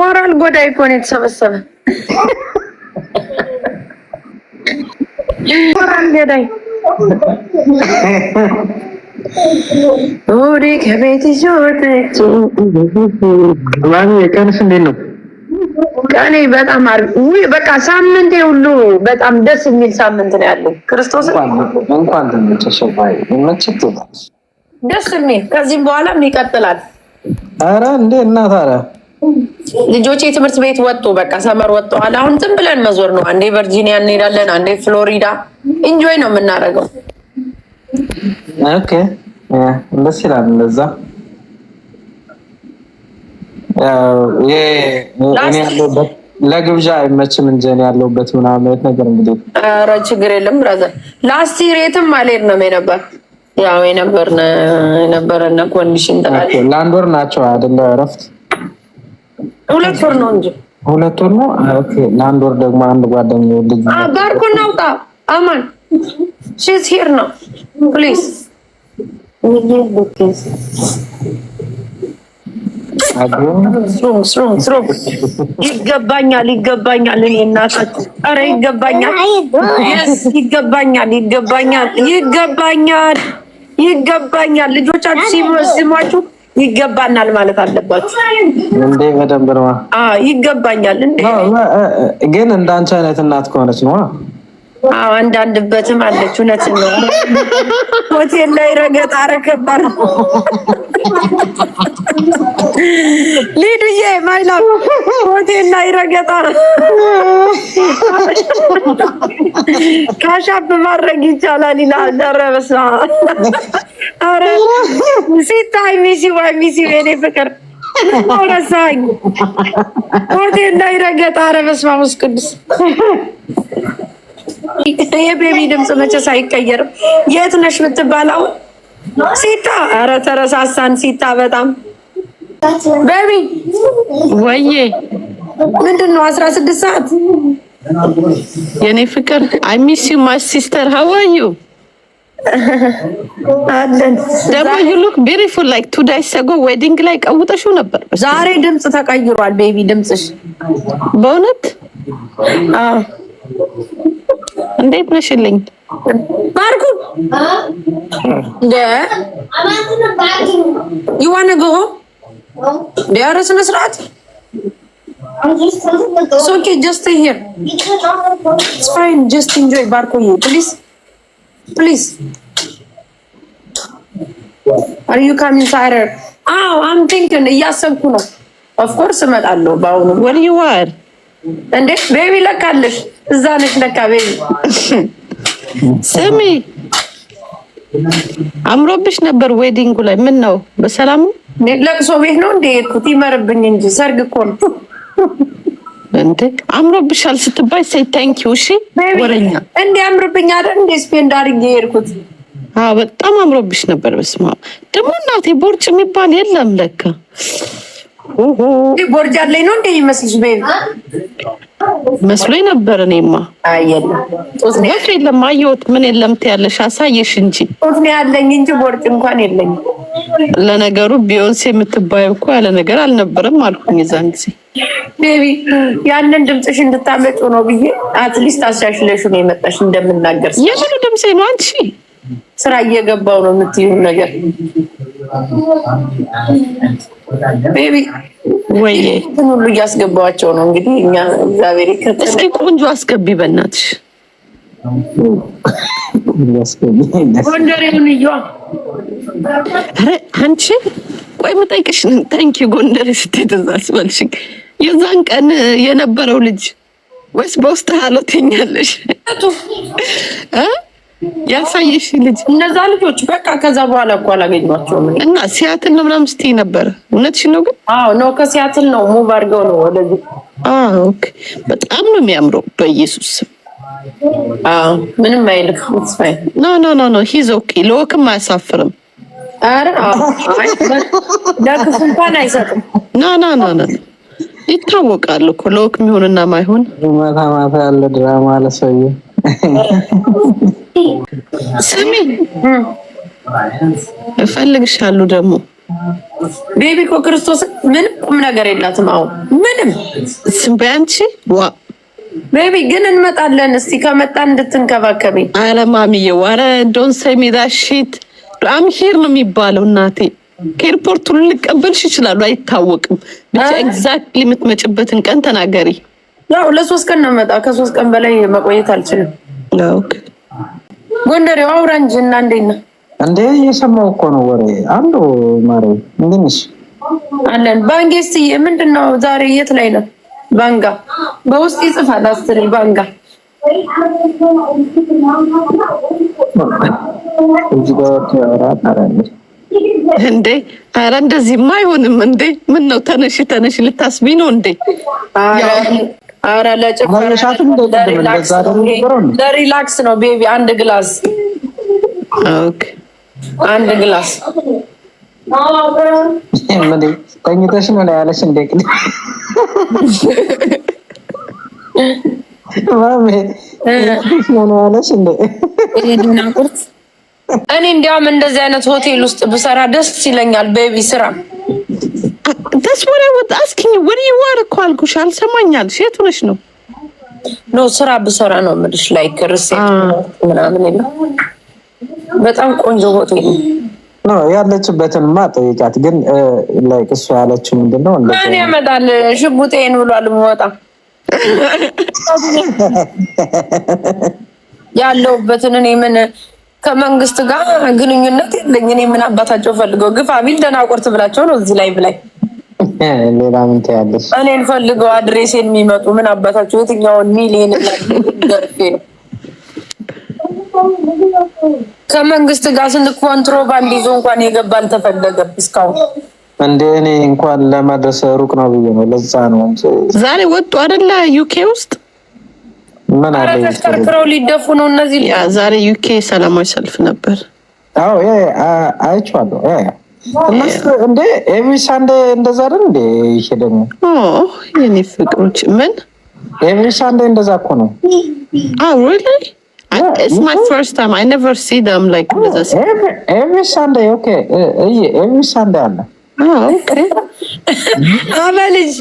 ሞራል ጎዳይ እኮ ነው የተሰበሰበ ሞራል ገዳይ ወዲ ከቤት ይዞት ማን የቀንስ እንዴት ነው? ቀኔ በጣም አሪፍ በቃ ሳምንቴ ሁሉ በጣም ደስ የሚል ሳምንት ነው ያለው። ክርስቶስ እንኳን ደስ የሚል ከዚህም በኋላም ይቀጥላል። አረ እንዴ እናት አረ ልጆቼ ትምህርት ቤት ወጡ። በቃ ሰመር ወጡ። ወጥተዋል። አሁን ዝም ብለን መዞር ነው። አንዴ ቨርጂኒያ እንሄዳለን፣ አንዴ ፍሎሪዳ። ኢንጆይ ነው የምናደርገው። ኦኬ ደስ ይላል። እንደዛ ለግብዣ አይመችም እንጂ እኔ ያለሁበት ምናምን ነገር እንግዲህ ችግር የለም ብራዘር። ላስት ይሬትም አልሄድንም ነበር ያው የነበርን የነበረን ኮንዲሽን ለአንድ ወር ናቸው አይደለ? እረፍት ሁለት ወር ነው እንጂ ሁለት ወር ነው። ለአንድ ወር ደግሞ አንድ ጓደኛ ልጅ ባርኩ እናውጣ። አማን ሽዝ ሂር ነው ፕሊዝ ይገባኛል ይገባኛል። እኔ እናታችሁ ኧረ ይገባኛል ይገባኛል ይገባኛል ይገባኛል ይገባኛል። ልጆቻችሁ ሲሟችሁ ይገባናል ማለት አለባችሁ እንዴ? በደንብ ነዋ። ይገባኛል ግን እንዳንቺ አይነት እናት ከሆነች ነዋ አንዳንድበትም አለች። እውነት ነው። ሆቴል ላይ ረገጥ አረከበር ሊዱዬ ማይላ ሆቴል ላይ ረገጣ ካሻፕ ማድረግ ይቻላል ይላል። ኧረ በስመ አብ! ኧረ ሲታይ ሚሲ ወይ ሚሲ የኔ ፍቅር ረሳኝ። ሆቴል ላይ ረገጣ። ኧረ በስመ አብ ቅዱስ የቤቢ ድምፅ መቼስ አይቀየርም። የት ነሽ የምትባለው? ሲታ ኧረ ተረሳሳን። ሲታ በጣም ቤቢ ወዬ ምንድን ነው አስራ ስድስት ሰዓት የኔ ፍቅር አይ ሚስ ዩ ማይ ሲስተር ሃው አር ዩ አለን ደግሞ ዩ ሉክ ቢዩቲፉል ላይክ ቱ ዳይስ አጎ ዌዲንግ ላይ ቀውጠሽው ነበር። ዛሬ ድምፅ ተቀይሯል ቤቢ ድምፅሽ በእውነት እንዴት ነሽልኝ ባርኩ የዋነ ገሆ ዲያረ ስነ ስርዓት ኦኬ ጀስት ሂር ፋይን ጀስት ኢንጆይ ባርኮ ፕሊዝ ፕሊዝ አር ዩ ካሚንግ ሳይረር አዎ አም ቲንኪንግ እያሰብኩ ነው ኦፍኮርስ እመጣለሁ በአሁኑ ወልዩዋር እንዴ ቤቢ ለካለሽ እዛ ነሽ ለካ ቤቢ ስሚ አምሮብሽ ነበር ዌዲንጉ ላይ ምን ነው በሰላሙ ለቅሶ ቤት ነው እንዴ የሄድኩት ይመርብኝ እንጂ ሰርግ እኮ ነው እንዴ አምሮብሻል ስትባይ ሰይ ታንኪ ዩ እሺ ወረኛ እንዴ አምሮብኝ አይደል እንዴ ስፔንድ አድርጌ የሄድኩት አዎ በጣም አምሮብሽ ነበር በስማ ደግሞ እናቴ ቦርጭ የሚባል የለም ለካ ቦርጅ አለኝ ነው እንደ ይመስልሽ መስሎኝ ነበር። እኔማ ጡት የለም አየሁት። ምን የለም ትያለሽ? አሳየሽ እንጂ ጡት ነው ያለኝ እንጂ ቦርጭ እንኳን የለኝ። ለነገሩ ቢዮንስ የምትባይ እኮ ያለ ነገር አልነበረም አልኩኝ የዛን ጊዜ ቤቢ። ያንን ድምፅሽ እንድታመጪው ነው ብዬ አትሊስት አሻሽለሽ ነው የመጣሽ እንደምናገር የምኑ ድምፄ ነው አንቺ ስራ እየገባው ነው የምትይውን ነገር ቤቢ ወይ ሁሉ እያስገባቸው ነው። እንግዲህ እኛ እግዚአብሔር እስኪ ቆንጆ አስገቢ፣ በእናትሽ ጎንደሬውን እያ አንቺ ቆይ መጠይቅሽ ታንኪ ጎንደሬ ስትይ ትዝ አስባልሽኝ። የዛን ቀን የነበረው ልጅ ወይስ በውስጥ ሀሎተኛለሽ? ያሳየሽ ልጅ እነዛ ልጆች በቃ ከዛ በኋላ እኮ አላገኟቸውም። እና ሲያትል ነው ምናምን ስትይ ነበር። እውነትሽ ነው ግን? አዎ ነው ከሲያትል ነው ሙቭ አድርገው ነው ወደዚህ። በጣም ነው የሚያምረው በኢየሱስ ምንም አይልም። ኖ ኖ ኖ ሂዝ ኦኬ። ለወክም አያሳፍርም። አረ ለክፉ እንኳን አይሰጥም። ኖ ኖ ኖ ይታወቃል እኮ ለወክ የሚሆንና ማይሆን ማታ ማታ ያለ ድራማ ለሰውዬው ስሚ እፈልግሻለሁ። ደግሞ ቤቢ እኮ ክርስቶስ ምንም ቁም ነገር የላትም። አሁን ምንም ስም በያንቺ ዋ ቤቢ ግን እንመጣለን። እስቲ ከመጣ እንድትንከባከቢ። ኧረ ዋረ ዶን ሰሜዳ ሺት አም ሄር ነው የሚባለው እናቴ ከኤርፖርቱ ልቀበልሽ ይችላሉ፣ አይታወቅም። ብቻ ኤግዛክትሊ የምትመጭበትን ቀን ተናገሪ። ያው ለሶስት ቀን ነው መጣ። ከሶስት ቀን በላይ መቆየት አልችልም። ጎንደሬው አውራንጅ እና እንዴት እንዴ የሰማው እኮ ነው ወሬ አንዱ ማሪ እንዴት አለን ባንጌስ ምንድን ነው ዛሬ የት ላይ ነው? ባንጋ በውስጥ ይጽፋል አስር ባንጋ እንዴ ኧረ እንደዚህማ አይሆንም። እንዴ ምን ነው ተነሽ ተነሽ ልታስቢ ነው እንዴ? አረ ለሪላክስ ነው ቤቢ። አንድ ግላስ አንድ ግላስ ተኝተሽ ነው ያለሽ እንደ እኔ እንዲያውም እንደዚህ አይነት ሆቴል ውስጥ ብሰራ ደስ ይለኛል ቤቢ ስራ አስኪኝ ወዲህ ዋር እኮ አልኩሽ፣ አልሰማኛል። የት ሆነሽ ነው? ኖ ስራ ብሰራ ነው የምልሽ። ላይክ ሪሴፕት ah. ምናምን የለም። በጣም ቆንጆ ሆቴል ነው ያለችበትን ማ ጠይቃት። ግን ላይክ እሱ ያለችው ምንድን ነው? ምን ያመጣል ሽጉጤን ብሏል። የምወጣ ያለሁበትን እኔ ምን ከመንግስት ጋር ግንኙነት የለኝ። እኔ ምን አባታቸው ፈልገው ግፋ ቢል ደናቁርት ብላቸው ነው እዚህ ላይ ብላይ ሌላ ምን ትያለሽ? እኔን ፈልገው አድሬሴን የሚመጡ ምን አባታቸው የትኛውን ሚሊየን ደርፌ ነው ከመንግስት ጋር ስንት ኮንትሮባንድ ይዞ እንኳን የገባ አልተፈለገም እስካሁን። እንደ እኔ እንኳን ለመድረስ ሩቅ ነው ብዬ ነው። ለዛ ነው ዛሬ ወጡ አይደለ? ዩኬ ውስጥ ምን አለ ተሽከርክረው ሊደፉ ነው እነዚህ። ዛሬ ዩኬ ሰላማዊ ሰልፍ ነበር። አዎ አይቼዋለሁ። እንደ ኤቭሪ ሳንዴ እንደዛ አይደል? እንደ ይሄ ደግሞ የኔ ፍቅሮች ምን እንደዛ እኮ ነው። አዎ ኢትስ ማይ ፈርስት ታይም አይ ኔቨር ሲ ደም ላይክ ዚስ ኦኬ። እይ አለ። አበ ልጅ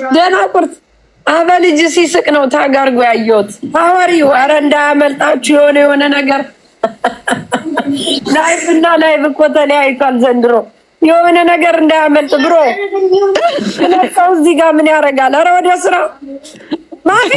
አበ ልጅ ሲስቅ ነው ታጋርጎ ያየሁት። ሀዋሪ ኧረ እንዳያመልጣችሁ የሆነ የሆነ ነገር ላይፍ እና ላይፍ እኮ ተለያይቷል ዘንድሮ የሆነ ነገር እንዳያመልጥ ብሮ ሰው እዚህ ጋር ምን ያደርጋል? ኧረ ወደ ስራ ማፊ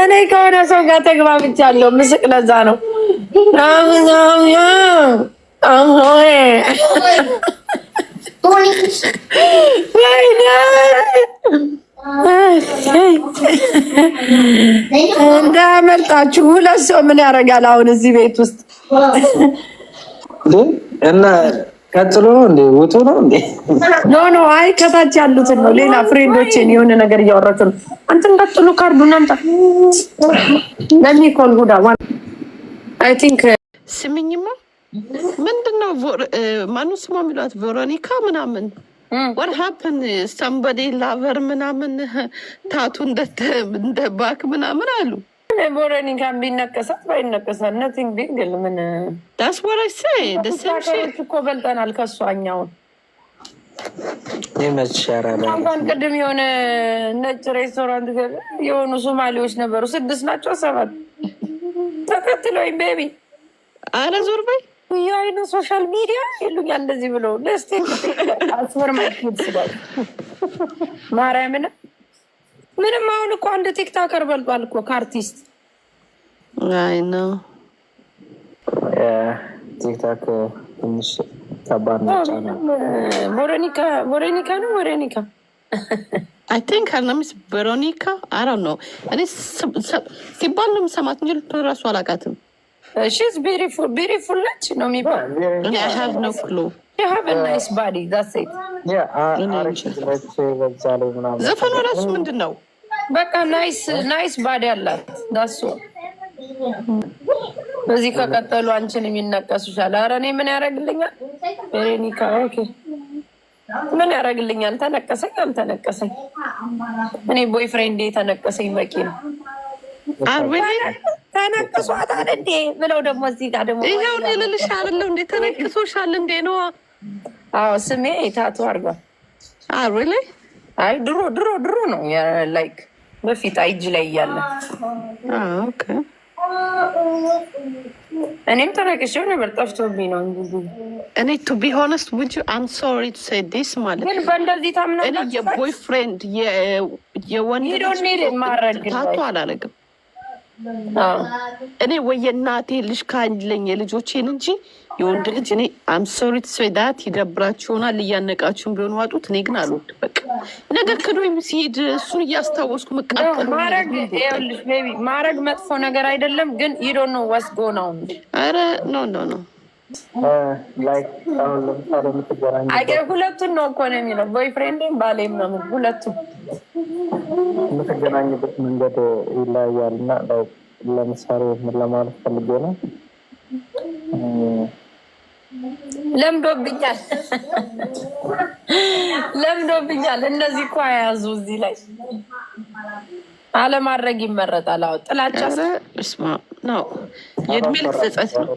እኔ ከሆነ ሰው ጋር ተግባብቻለሁ። ምስቅ ለዛ ነው። እንዳያመልጣችሁ። ሁለት ሰው ምን ያደርጋል አሁን እዚህ ቤት ውስጥ እና ቀጥሎ ነው እንዴ? ውጡ ነው እንዴ? ኖ ኖ፣ አይ ከታች ያሉትን ነው። ሌላ ፍሬንዶችን የሆነ ነገር እያወራችሁ ነው። አንተን ቀጥሎ ካርዱን አምጣ። ለሚኮል ሁዳ አይ ቲንክ ስምኝማ፣ ምንድን ነው ማኑ ስሟ የሚሏት ቬሮኒካ ምናምን ወር ሀፕን ሰምበዴ ላቨር ምናምን ታቱ እንደባክ ምናምን አሉ ቦረኒ ካን ቢነቀሳት ባይነቀሳት ነቲንግ ቢንግል ምን ዳስ ወራሴ እኮ በልጠናል ከሱ አኛውን ይመቸራልእንኳን ቅድም የሆነ ነጭ ሬስቶራንት ገ የሆኑ ሶማሌዎች ነበሩ። ስድስት ናቸው ሰባት ተከትለውኝ ቤቢ አለ ዞር በይ የአይነ ሶሻል ሚዲያ ይሉኛል እንደዚህ ብሎ ደስቴ አስበር ማይት ስላል ማርያምን ምንም አሁን እኮ አንድ ቲክታከር በልጧል እኮ ከአርቲስት አይ ነው ቲክታክ ትንሽ ከባድ ነው። ቦሮኒካ ነው ቦሮኒካ አይ ቲንክ አልናሚስ ቦሮኒካ አረ ነው እኔ ሲባል ነው የምሰማት እንጂ ራሱ አላውቃትም። ሺዝ ቤሪፉል ነች ነው የሚባል ሀቭ ነው ክሉ ዘፈኑ ራሱ ምንድን ነው? በቃ ናይስ ናይስ ባዲ አላት ዳሱ በዚህ ከቀጠሉ አንቺንም ይነቀሱሻል። ኧረ እኔ ምን ያደርግልኛል? ቬሮኒካ ኦኬ፣ ምን ያደርግልኛል? ተነቀሰኝ አልተነቀሰኝ፣ እኔ ቦይፍሬንድ ተነቀሰኝ በቂ ነው። ተነቅሷታል እንዴ ብለው ደግሞ እዚህ ጋር ደግሞ ይኸው ልልሻል ነው እንዴ ተነቅሶሻል እንዴ ነው? አዎ ስሜ ታቱ አድርጓል። አሮላ አይ ድሮ ድሮ ድሮ ነው ላይክ በፊት አይጅ ላይ እያለ እኔም ተረግሼው ነበር ጠፍቶብኝ ነው እንጂ እኔ ቱ ቢ ሆነስት ውድ አም ሶሪ ቱ ሴይ ዲስ ማለት ግን በእንደዚህ ታምና የቦይፍሬንድ የወንድ ታቶ አላለግም እኔ ወይ የእናቴ ልጅ ካለኝ የልጆቼን እንጂ የወንድ ልጅ እኔ አምሶሪት ስዳት ይደብራችሁ ይሆናል እያነቃችሁን ቢሆን ዋጡት። እኔ ግን አልወድ በቃ ነገር ክዶ ሲሄድ እሱን እያስታወስኩ መቃጠል ማረግ መጥፎ ነገር አይደለም፣ ግን ይዶ ነው ወስጎ ነው። ኧረ ኖ ኖ ኖ አገር ሁለቱን ነው እኮ ነው የሚለው ቦይፍሬንድም ባሌም ነው ሁለቱም የምትገናኝበት መንገድ ይለያያል እና ለምሳሌ ምን ለማለት ፈልጌ ነው ለምዶብኛል ለምዶብኛል እነዚህ እኮ አያዙ እዚህ ላይ አለማድረግ ይመረጣል። አዎ ጥላቻ ነው፣ የእድሜ ልክ ጸጸት ነው።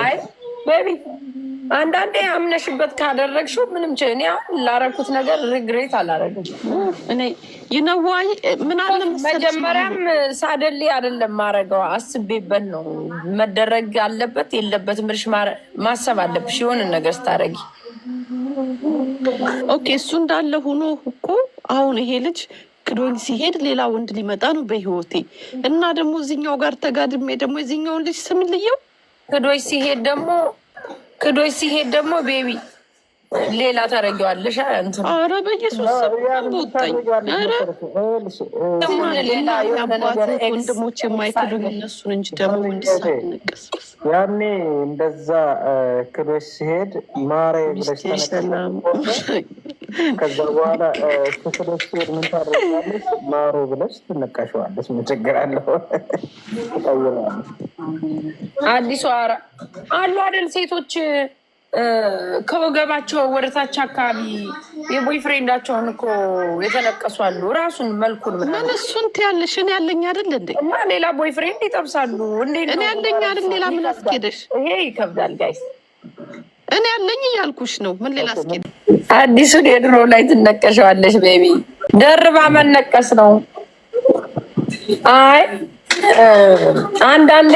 አይ ቤቢ አንዳንዴ አምነሽበት ካደረግሽው ምንም ች እኔ አሁን ላረኩት ነገር ሪግሬት አላረግም። እኔ ይነዋይ ምን አለ መጀመሪያም ሳደሌ አይደለም ማረገው አስቤበት ነው መደረግ አለበት የለበትም ብለሽ ማሰብ አለብሽ። የሆነ ነገር ስታረጊ ኦኬ፣ እሱ እንዳለ ሆኖ እኮ አሁን ይሄ ልጅ ክዶኝ ሲሄድ ሌላ ወንድ ሊመጣ ነው በህይወቴ እና ደግሞ እዚኛው ጋር ተጋድሜ ደግሞ የዚኛውን ልጅ ስም ልየው ሲሄድ ደግሞ ክዶች ሲሄድ ደግሞ ቤቢ ሌላ ታደርጊዋለሽ። ኧረ በኢየሱስ ወንድሞች የማይክሉ እነሱን እንጂ ደግሞ እንዲሳንቀስቀስ ያኔ እንደዛ ክዶች ሲሄድ ማሬ ብለሽ ከዛ በኋላ ክዶች ሲሄድ ምን ታደርጊያለሽ? ማሮ ብለሽ ትነቃሸዋለሽ። ምን ችግር አለው? አዲሱ አሉ አይደል ሴቶች ከወገባቸው ወደታች አካባቢ የቦይፍሬንዳቸውን እኮ የተለቀሱ አሉ። ራሱን መልኩን ምን እሱን ትያለሽ? እኔ ያለኝ አይደል እንዴ? እና ሌላ ቦይፍሬንድ ይጠብሳሉ እንዴ? እኔ ያለኝ አይደል? ሌላ ምን አስኬደሽ? ይሄ ይከብዳል ጋይስ። እኔ ያለኝ እያልኩሽ ነው። ምን ሌላ አስኬደ? አዲሱን የድሮ ላይ ትነቀሸዋለሽ ቤቢ። ደርባ መነቀስ ነው። አይ አንዳንዴ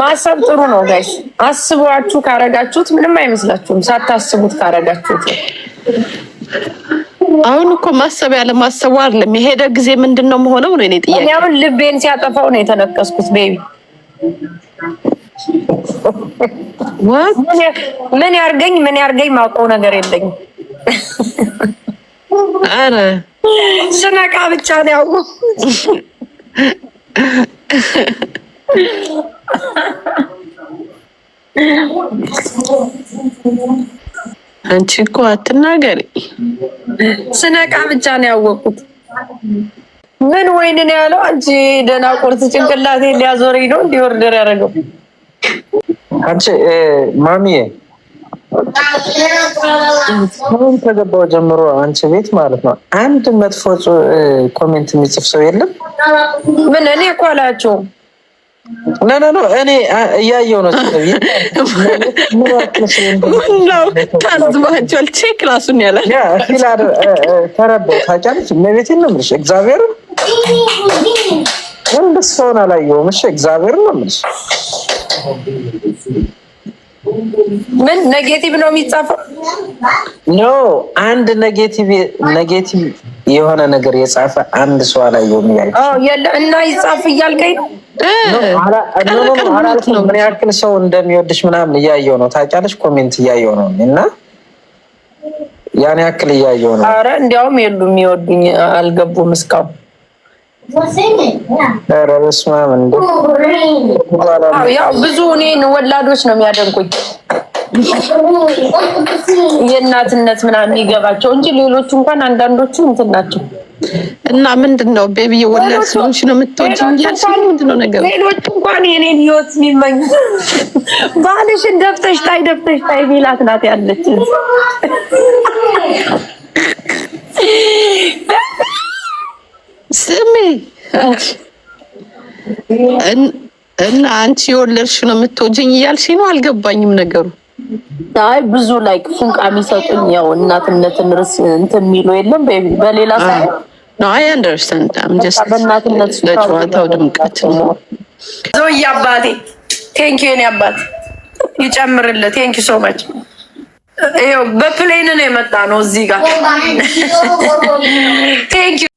ማሰብ ጥሩ ነው ጋይስ። አስቧችሁ ካረጋችሁት ምንም አይመስላችሁም፣ ሳታስቡት ካረጋችሁት አሁን እኮ ማሰብ ያለ ማሰቡ አይደለም። የሄደ ጊዜ ምንድን ነው መሆነው ነው እኔ ጥያቄ። አሁን ልቤን ሲያጠፋው ነው የተነቀስኩት ቤቢ ምን ያርገኝ ምን ያርገኝ ማውቀው ነገር የለኝም። ስነቃ ብቻ ነው ያው አንቺ እኮ አትናገሪ። ስነቃ ብቻ ነው ያወቅኩት። ምን ወይንን ነው ያለው? አንቺ ደናቁርት ጭንቅላቴ ሊያዞረኝ ነው እንዲወርደር ያደረገው አንቺ ማሚዬ አሁን ከገባው ጀምሮ አንቺ ቤት ማለት ነው አንድ መጥፎ ኮሜንት የሚጽፍ ሰው የለም። ምን እኔ እኮ አላቸው ነ ነው እኔ እያየው ነው። ምነው ታዝባቸዋል። ቼክ ራሱን ያላል ተረበው ታውቂያለሽ እመቤቴን ነው የምልሽ እግዚአብሔርን እንደሱ ሰውን አላየሁም። እሺ እግዚአብሔርን ነው የምልሽ ምን ኔጌቲቭ ነው የሚጻፈው? ኖ አንድ ኔጌቲቭ ኔጌቲቭ የሆነ ነገር የጻፈ አንድ ሰው ላይ የሚያይ የለም። እና ይጻፍ እያልከኝ ነው። ምን ያክል ሰው እንደሚወድሽ ምናምን እያየው ነው ታውቂያለሽ። ኮሜንት እያየው ነው እና ያን ያክል እያየው ነው። አረ እንዲያውም የሉ የሚወዱኝ አልገቡም እስካሁን ብዙ እኔን ወላዶች ነው የሚያደንቁኝ የእናትነት ምናምን የሚገባቸው እንጂ ሌሎቹ እንኳን አንዳንዶቹ እንትን ናቸው። እና ምንድን ነው ቤቢዬ ወላድ ስለሆንሽ ነው የምትወጪ እንጂ ምንድን ነው ነገሩ? ሌሎቹ እንኳን የኔን ህይወት የሚመኙ ባልሽን ደፍተሽ ታይ ደፍተሽ ታይ ሚላት ናት ያለች ስሚ እና አንቺ የወለድሽ ነው የምትወጂኝ እያልሽ ነው? አልገባኝም ነገሩ። አይ ብዙ ላይክ ፉንቃ የሚሰጡኝ ያው እናትነትን ርስ እንትን የሚሉ የለም በሌላ አይ አንደርስታንድ አም ጀስት በእናትነት ለጨዋታው ድምቀት ነው። ዞይ አባቴ ቴንክ ዩ ኔ አባቴ ይጨምርልህ። ቴንኪ ሶ ማች ይኸው በፕሌን ነው የመጣ ነው እዚህ ጋር ቴንኪ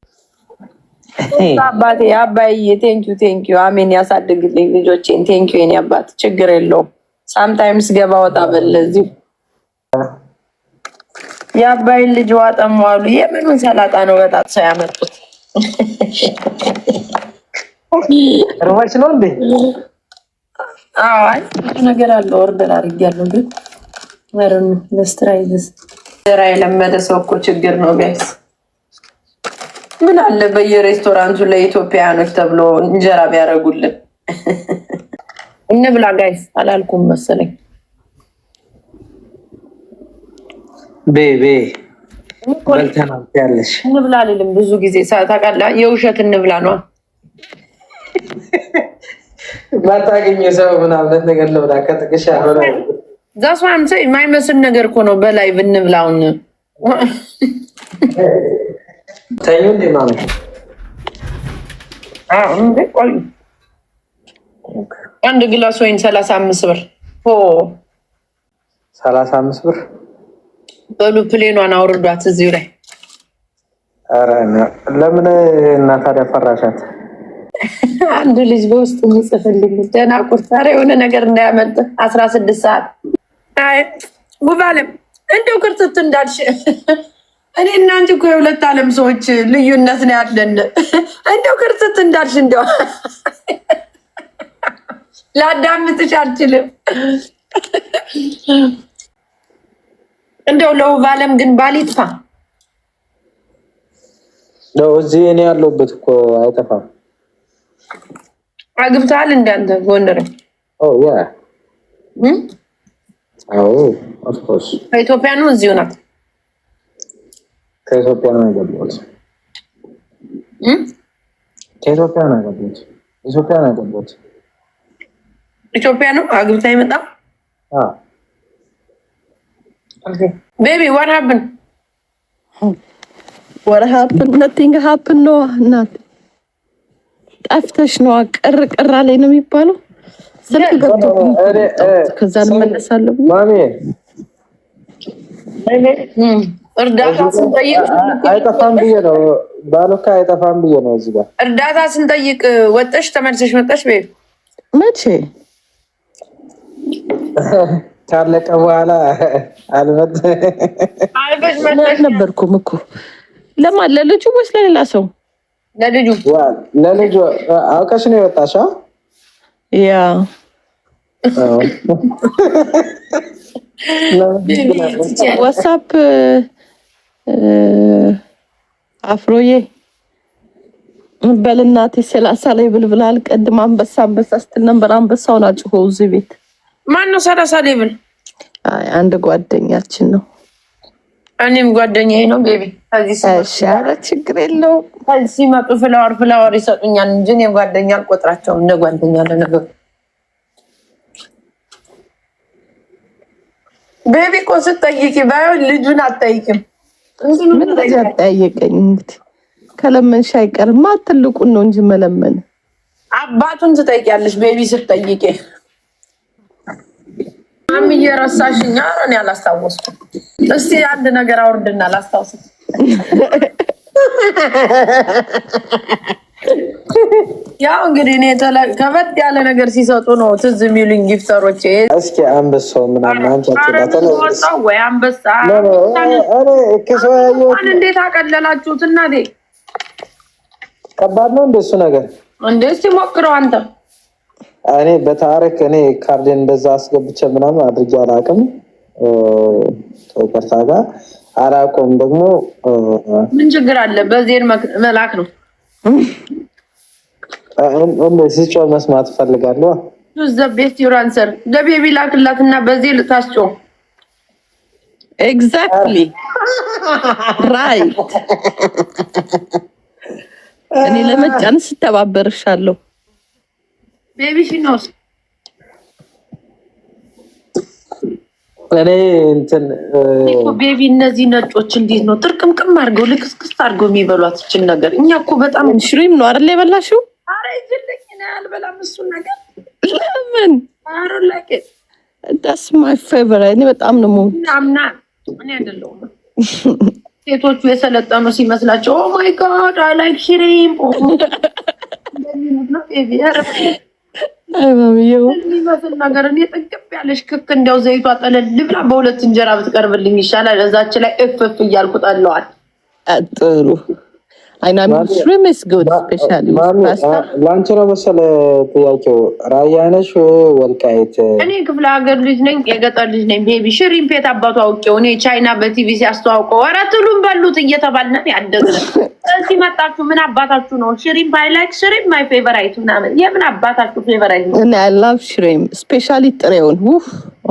አባቴ አባዬ ቴንኪዩ ቴንኪዩ አሜን ያሳድግልኝ ልጆቼን። ቴንኪዩ የኔ አባት ችግር የለውም። ሳምታይምስ ገባ ወጣ በል እዚሁ የአባይን ልጅ ዋጠሙ አሉ። የምኑን ሰላጣ ነው በጣት ሰው ያመጡት? ሮማች ነው እንዴ? አይ ነገር አለው ኦርደር አድርጊያለሁ፣ ግን መርን ለስትራይዝስ ስራ የለመደ ሰው እኮ ችግር ነው ጋይስ ምን አለ በየሬስቶራንቱ ለኢትዮጵያውያኖች ተብሎ እንጀራ ቢያደርጉልን። እንብላ ጋይስ አላልኩም መሰለኝ። ቤቤ በልተናል ያለሽ እንብላ አልልም ብዙ ጊዜ ታውቃለህ። የውሸት እንብላ ነዋ። ማታገኘ ሰው ምናምነት ነገር ልብላ ከጥቅሻ ሆነ ዛስ ማይመስል ነገር እኮ ነው። በላይ ብንብላውን ተኙ እንዴ ማለት አንድ ግላስ ወይን ሰላሳ አምስት ብር ሰላሳ አምስት ብር በሉ ፕሌኗን አውርዷት እዚሁ ላይ ለምን እና ታዲያ ፈራሻት አንዱ ልጅ በውስጥ የሚጽፍልኝ ደህና ቁርታሪ የሆነ ነገር እንዳያመልጥ አስራ ስድስት ሰዓት ጉባለም እንደው ቅርጽት እንዳልሽ እኔ እናንተ እኮ የሁለት ዓለም ሰዎች ልዩነት ነው ያለን። እንደው ክርስት እንዳልሽ እንደው ላዳምጥሽ አልችልም። እንደው ለውብ ዓለም ግን ባሊጥፋ ነው እዚህ እኔ ያለሁበት እኮ አይጠፋም። አግብተሃል እንዳንተ ጎንደር ኢትዮጵያ ነው እዚሁ ናት። ከኢትዮጵያ ነው ያገባት። ከኢትዮጵያ ነው ያገባት። ኢትዮጵያ ነው ያገባት። ኢትዮጵያ ነው አግብታ ይመጣ ቤቢ ዋት ሀፕን ዋት ሀፕን ነቲንግ ሀፕን ነው። እናት ጠፍተሽ ነዋ። ቅር ቅር አለኝ ነው የሚባለው። ስልክ ገብቶ ከዛ እንመለሳለሁ። እርዳታ ስንጠይቅ አይጠፋም ብዬ ነው ባሉካ አይጠፋም ብዬ ነው። እዚህ ጋር እርዳታ ስንጠይቅ ወጠሽ ተመልሰሽ መጣሽ። ቤ መቼ ካለቀ በኋላ አልነበርኩም እኮ ለማን ለልጁ ወይስ ለሌላ ሰው? ለልጁ ለልጁ አውቀሽ ነው የወጣሽ? ያ ዋትሳፕ አፍሮዬ በልናቴ ሰላሳ ላይ ብልብላል። ቀድም አንበሳ አንበሳ ስትል ነበር። አንበሳውን አጭሆ እዚህ ቤት ማን ነው ሰላሳ ላይ ብል? አይ አንድ ጓደኛችን ነው። እኔም ጓደኛዬ ነው። ቤቢ ከዚህ ሲመጡ ችግር የለውም። ከዚህ ሲመጡ ፍላወር ፍላወር ይሰጡኛል እንጂ እኔም ጓደኛ አልቆጥራቸውም እንደ ጓደኛ ለነገሩ። ቤቢ እኮ ስትጠይቂ ባይሆን ልጁን አትጠይቂም ምን በዚያ ጠያየቀኝ። እንግዲህ ከለመንሽ አይቀርማ ትልቁን ነው እንጂ መለመን አባቱን ትጠይቂያለሽ። ቤቢ ስትጠይቂ ማሚ እየረሳሽኝ እኔ አላስታወስኩም። እስቲ አንድ ነገር አውርድና ላስታውስ። ያው እንግዲህ እኔ ከበድ ያለ ነገር ሲሰጡ ነው ትዝ የሚሉኝ ጊፍተሮች። እስኪ አንበሳው ምናምናወወይ አንበሳ እንዴት አቀለላችሁት? እናቴ ከባድ ነው እንደሱ ነገር እንዴ! እስቲ ሞክረው አንተ። እኔ በታሪክ እኔ ካርዴን እንደዛ አስገብቼ ምናምን አድርጌ አላውቅም። ከይቅርታ ጋር አላውቀውም። ደግሞ ምን ችግር አለ? በዜን መላክ ነው ስጮ መስማት ፈልጋለ ዘቤት ዩራንሰር ለቤቢ ላክላት እና በዚህ ልታስጮህ ኤግዛክትሊ ራይት እኔ ለመጫን ስተባበርሻለሁ። ቤቢ ሽኖስ እኔ እንትን ቤቢ እነዚህ ነጮች እንዴት ነው ጥርቅምቅም አድርገው ልክስክስ አድርገው የሚበሏት? ይችን ነገር እኛ እኮ በጣም ሽሪም ነው አይደል የበላሽው? ኧረ ይዤልኝ እኔ አልበላም እሱን ነገር ለምን ዳስ ማይ ፌቨራይት እኔ በጣም ነው ምናምና እኔ አይደለሁም። ሴቶቹ የሰለጠኑ ሲመስላቸው ኦማይ ማይ ጋድ አይ ላይክ ሽሪም የሚመስል ነገር እኔ ጥቅም ያለሽ ክክ እንዲያው ዘይቷ ጠለል ብላ በሁለት እንጀራ ብትቀርብልኝ ይሻላል። እዛች ላይ እፍፍ እያልኩ ጠለዋል ጥሩ ለአንቺ ነው መሰለ ጥያቄው፣ ራያ ነሽ ወልቃይት? እኔ ክፍለ ሀገር ልጅ ነኝ፣ የገጠር ልጅ ነኝ። ቤቢ ሽሪን ፔት አባቱ አውቄው እኔ ቻይና በቲቪ ሲያስተዋውቀው ኧረ በሉት እየተባልነ ያደግነ እዚህ መጣችሁ ምን አባታችሁ ነው? ሽሪም ባይላይክ ሽሪም ማይ ፌቨራይት ምናምን የምን አባታችሁ ፌቨራይት? አይ ላቭ ሽሪም ስፔሻሊ ጥሬውን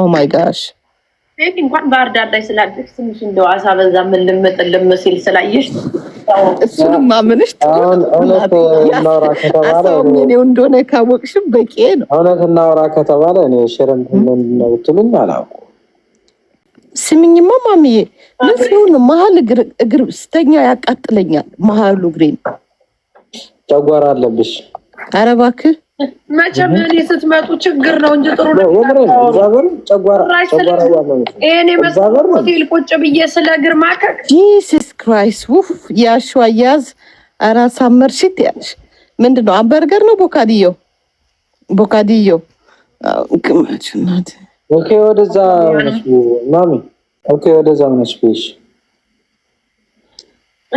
ኦማይ ጋሽ ቤት እንኳን ባህር ዳር ላይ ስላለች ትንሽ እንደው አሳ በዛ ምን ልምጥ ልምሲል ስላየሽ እሱንም ማምንሽ አሳውም እንደሆነ ካወቅሽም በቂ ነው። እውነት እናውራ ከተባለ እኔ ሽርም ነው ብትሉኝ አላውቅም። ማምዬ ምን ሲሆን መሀል እግር ስተኛ ያቃጥለኛል። መሀሉ እግሬ ጨጓራ አለብሽ። ኧረ እባክህ መቼም እኔ ስትመጡ ችግር ነው እንጂ ጥሩ ነው። ይሄን የመሰለ ሆቴል ቁጭ ብዬ ስለ ግርማ ከቅ ጂሰስ ክራይስት ውፍ የአሸዋ አያያዝ አራት ሳመር ሽት ያለሽ ምንድን ነው? አምበርገር ነው ቦካዲዮ ቦካዲዮ ግማችናት ኦኬ፣ ወደዛ ማሚ ኦኬ፣ ወደዛ ነች ቤሽ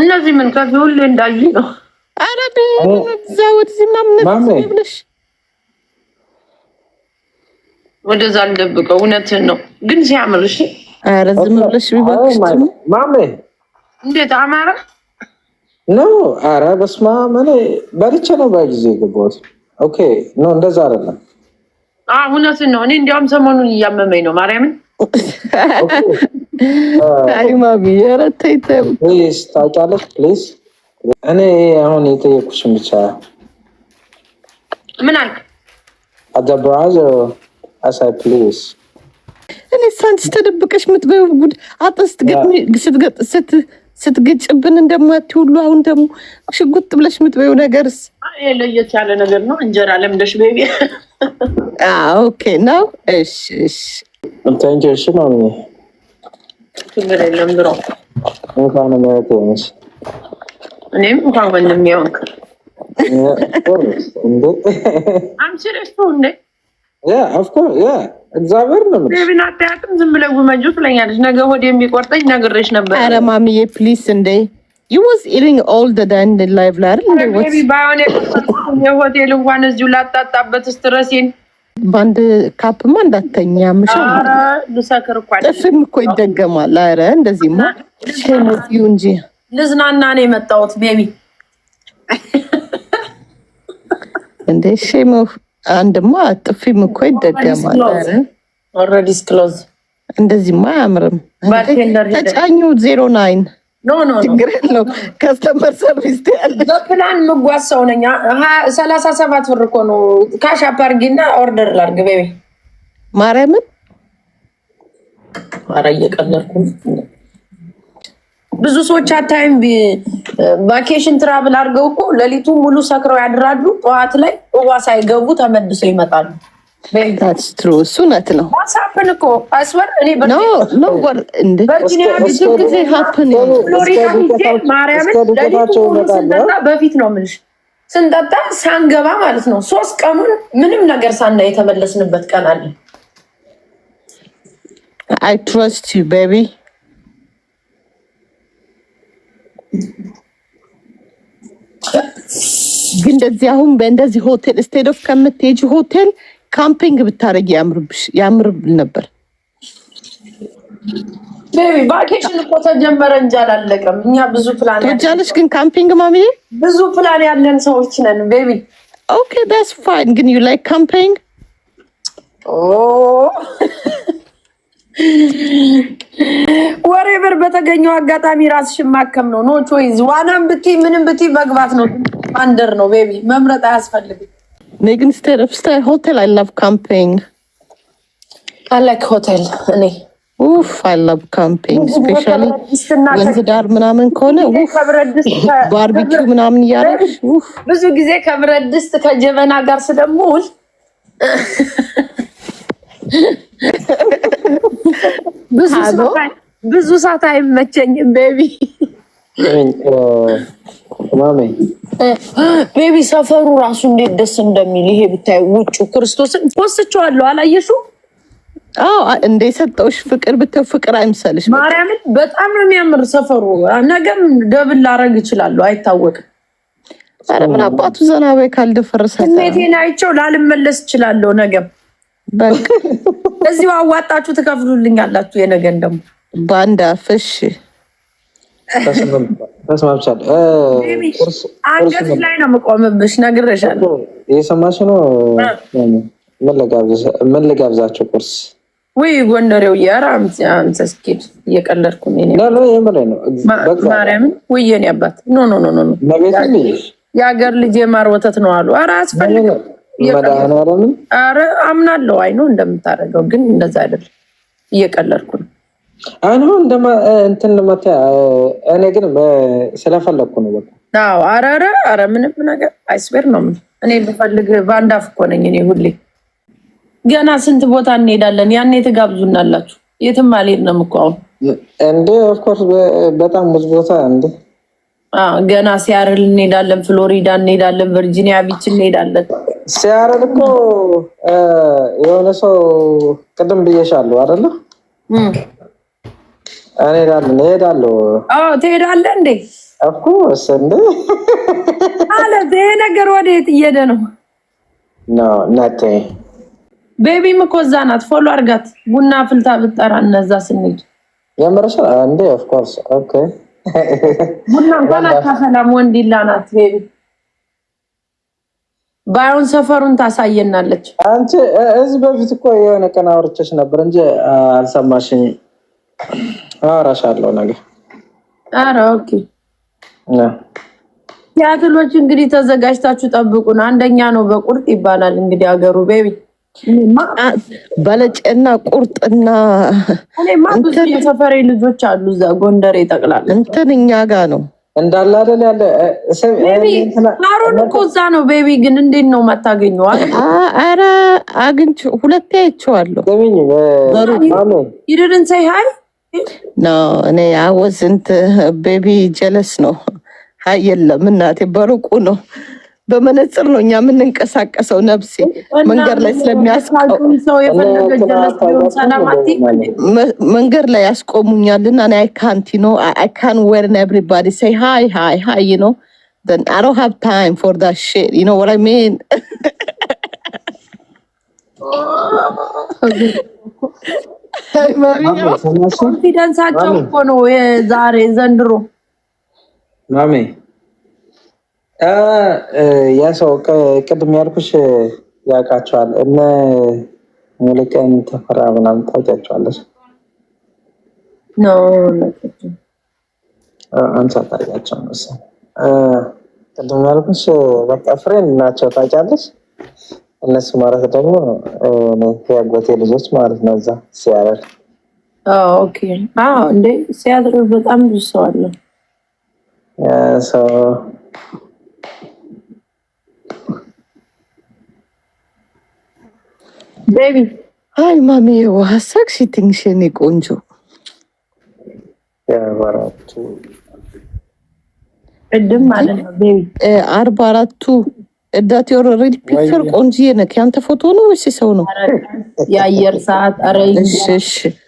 እነዚህ ምን ከዚህ ሁሉ እንዳዩ ነው። አረቤ ዛ ወደዚህ ምናምን ብለሽ ወደዛ አልደብቀው። እውነትን ነው ግን ሲያምር። እሺ ኧረ ዝም ብለሽ እባክሽ ማሜ፣ እንዴት አማረ ነው። ኧረ በስመ አብ እኔ በልቼ ነው በጊዜ የገባሁት። ኦኬ ነው እንደዛ አይደለም። እውነትን ነው። እኔ እንዲያውም ሰሞኑን እያመመኝ ነው ማርያምን። አይ ማሚ፣ ታውቂያለሽ፣ ፕሊዝ እኔ አሁን የጠየኩሽን ብቻ ምን አልክ? አዘ አሳፕሊስ እኔ ሳንቺ ተደብቀሽ ምጥበው ጉድ አጥን ስትገጭብን እንደማት ሁሉ አሁን ደግሞ ሽጉጥ ብለሽ ምጥበው ነገርስ ለየት ያለ ነገር ነው። እንጀራ ለምደሽ ቤቢ ኦኬ ነው። እሺ እሺ፣ ታንኪ እሺ። ማሚ ችግር የለም ብሮ እንኳን ምረት ምስ እኔም እንኳን ወንድም ያውንክ እንዴ አንቺ እንዴ እግዚአብሔር ነው ምን አታያትም። ዝም ብለው ውመጁ ትለኛለች። ነገ ሆድ የሚቆርጠኝ ነግሬሽ ነበር። ኧረ ማሚዬ ፕሊስ እንዴ ዩ ዋዝ ኢቲንግ ላይቭ ላይ የሆቴል እንኳን እዚሁ ላጣጣበት በአንድ ካፕማ እንዳተኛ ምሻ ጥፍም እኮ ይደገማል። እንደዚህማ እንጂ ልዝናና ነው የመጣሁት ቤቢ እንዴ አንድማ ጥፊም እኮ ይደገማል። እንደዚህማ አያምርም። ተጫኙ ዜሮ ናይን ችግር የለው። ከስተመር ሰርቪስ ያለ በፕላን ምጓዝ ሰው ነኝ። ሰላሳ ሰባት ብር እኮ ነው። ካሽ አፕ አድርጊና ኦርደር ላድርግ ቤቢ ማርያምን። ኧረ እየቀለድኩ ብዙ ሰዎች አታይም። ቫኬሽን ትራብል አድርገው እኮ ሌሊቱ ሙሉ ሰክረው ያድራሉ። ጠዋት ላይ ውባ ሳይገቡ ተመልሶ ይመጣሉ። እሱነት ነው ሳፕን እኮ አስወር እኔ በፊት ነው የምልሽ ስንጠጣ ሳንገባ ማለት ነው። ሶስት ቀኑን ምንም ነገር ሳና የተመለስንበት ቀን አለ። አይ ትረስት ዩ ቤቢ ግን እንደዚህ አሁን በእንደዚህ ሆቴል ስቴድ ኦፍ ከምትሄጂ ሆቴል ካምፒንግ ብታደረግ ያምርብል ነበር። ቫኬሽን እኮ ተጀመረ እንጂ አላለቀም። እኛ ብዙ ፕላን ጃለች፣ ግን ካምፒንግ ማሚ ብዙ ፕላን ያለን ሰዎች ነን። ቤቢ ኦኬ ዳስ ፋይን ግን ዩ ላይክ ካምፒንግ ወሬቨር በተገኘው አጋጣሚ ራስሽን ማከም ነው። ኖ ቾይዝ ዋናም ብቲ ምንም ብቲ መግባት ነው። ማንደር ነው። ቤቢ መምረጥ አያስፈልግም። ሜግን ስቴድ ኦፍ ስታይ ሆቴል አይ ላቭ ካምፒንግ አይ ላይክ ሆቴል እኔ ኡፍ አይ ላቭ ካምፒንግ ስፔሻሊ ወንዝ ዳር ምናምን ከሆነ ባርቢኪው ምናምን እያደረግሽ ብዙ ጊዜ ከብረት ድስት ከጀበና ጋር ስለምውል ብዙ ሰዓት አይመቸኝም ቤቢ ማሜ ቤቢ ሰፈሩ ራሱ እንዴት ደስ እንደሚል ይሄ ብታይ፣ ውጭ ክርስቶስን ፖስቸዋለሁ። አላየሽው? አዎ፣ እንደ ሰጠውሽ ፍቅር ብታው ፍቅር አይምሰልሽ። ማርያምን በጣም ነው የሚያምር ሰፈሩ። ነገም ደብል ላረግ ይችላሉ፣ አይታወቅም። ኧረ ምን አባቱ ዘና ካልደፈረሰ ካልደፈርሰ ስሜቴን አይቼው ላልመለስ እችላለሁ ነገም በቃ እዚሁ አዋጣችሁ ትከፍሉልኝ አላችሁ። የነገን ደግሞ በአንድ አፍሽ ተስማምቻለሁ። አንገት ላይ ነው የምቆምብሽ። ነግሬሻለሁ። እየሰማሽ ነው። ምን ልጋብዛቸው? ቁርስ ወይ ጎንደሬው የራምስ ስኪድ እየቀለድኩ ማርያምን ወይ የኔ አባት ኖ ኖ ኖ የሀገር ልጅ የማር ወተት ነው አሉ። ኧረ አስፈልግም መድኃኒዓለምን ኧረ አምናለሁ። አይ ነው እንደምታደርገው ግን እንደዛ አይደለም። እየቀለድኩ ነው። አሁን እንደማ እንትን ልመታ እኔ ግን ስለፈለግኩ ነው። በቃ አዎ። ኧረ አረ ኧረ ምንም ነገር አይስቤር ነው። ምን እኔ ብፈልግ በአንዳፍ እኮ ነኝ እኔ ሁሌ። ገና ስንት ቦታ እንሄዳለን። ያኔ ትጋብዙናላችሁ። የትም አልሄድንም እኮ አሁን እንደ ኦፍኮርስ በጣም ብዙ ቦታ እንዴ ገና ሲያርል እንሄዳለን፣ ፍሎሪዳ እንሄዳለን፣ ቨርጂኒያ ቢች እንሄዳለን። ሲያረግ እኮ የሆነ ሰው ቅድም ብዬሻለሁ አይደለ? እኔ እሄዳለሁ። ትሄዳለህ እንዴ? ኦፍኮርስ። እንዴ ማለት ይሄ ነገር ወዴት እየሄደ ነው? ኖ ናቴ ቤቢም እኮ እዛ ናት። ፎሎ አድርጋት። ቡና ፍልታ ብጠራ እነዛ ስንሄድ የምርሽ እንዴ? ኦፍኮርስ። ኦኬ ቡና እንኳን አታፈላም። ወንዲላ ናት ቤቢ ባይሆን ሰፈሩን ታሳየናለች። አንቺ እዚህ በፊት እኮ የሆነ ቀን አውርቼሽ ነበር እንጂ አልሰማሽኝ። አወራሻለሁ ነገር ኧረ ኦኬ። ሲያትሎች እንግዲህ ተዘጋጅታችሁ ጠብቁን። አንደኛ ነው በቁርጥ ይባላል እንግዲህ አገሩ ቤቢ በለጨና ቁርጥና ሰፈሬ ልጆች አሉ እዛ ጎንደሬ ጠቅላላ እንትን እኛ ጋ ነው እንዳለ አይደል ያለ ሀሮን እኮ እዛ ነው። ቤቢ ግን እንዴት ነው የማታገኘው? ኧረ አግኝቼ ሁለቴ አይቼዋለሁ። ይድርን ሳይ ሀይ ኖ እኔ አወዝንት ቤቢ ጀለስ ነው ሀይ የለም እናቴ በሩቁ ነው በመነጽር ነው እኛ የምንንቀሳቀሰው። ነፍሴ መንገድ ላይ ስለሚያስቆም መንገድ ላይ ያስቆሙኛልና ና አይካንቲ ነው አይካን ዌርን ኤቭሪባዲ ሳይ ሃይ ሃይ ሃይ ዩ ነው then አይ ዶንት ሃቭ ታይም ፎር ዳት shit. ዩ know ዋት አይ ሚን ኮንፊደንሳቸው እኮ ነው የዛሬ ዘንድሮ ማሜ ያ ሰው ቅድም ያልኩሽ ያውቃቸዋል። እነ ሙልቀን ተፈራ ምናምን ታውቂያቸዋለሽ? አንቺ አታውቂያቸውም መሰለኝ። ቅድም ያልኩሽ በቃ ፍሬንድ ናቸው ታውቂያለሽ። እነሱ ማለት ደግሞ ያጎቴ ልጆች ማለት ነው። እዛ ሲያደር እንደ ሲያደር በጣም ብዙ ሰው አለ ሰው ቤቢ አይ ማሚ የዋህ ሳቅሽ ትንሽ የኔ ቆንጆ ቅድም ማለት ነው ቤቢ አርባ አራቱ እዳት የወረ ሬድ ፒክቸር ቆንጆዬ ነክ ያንተ ፎቶ ነው ወይስ ሰው ነው? የአየር ሰዓት አረ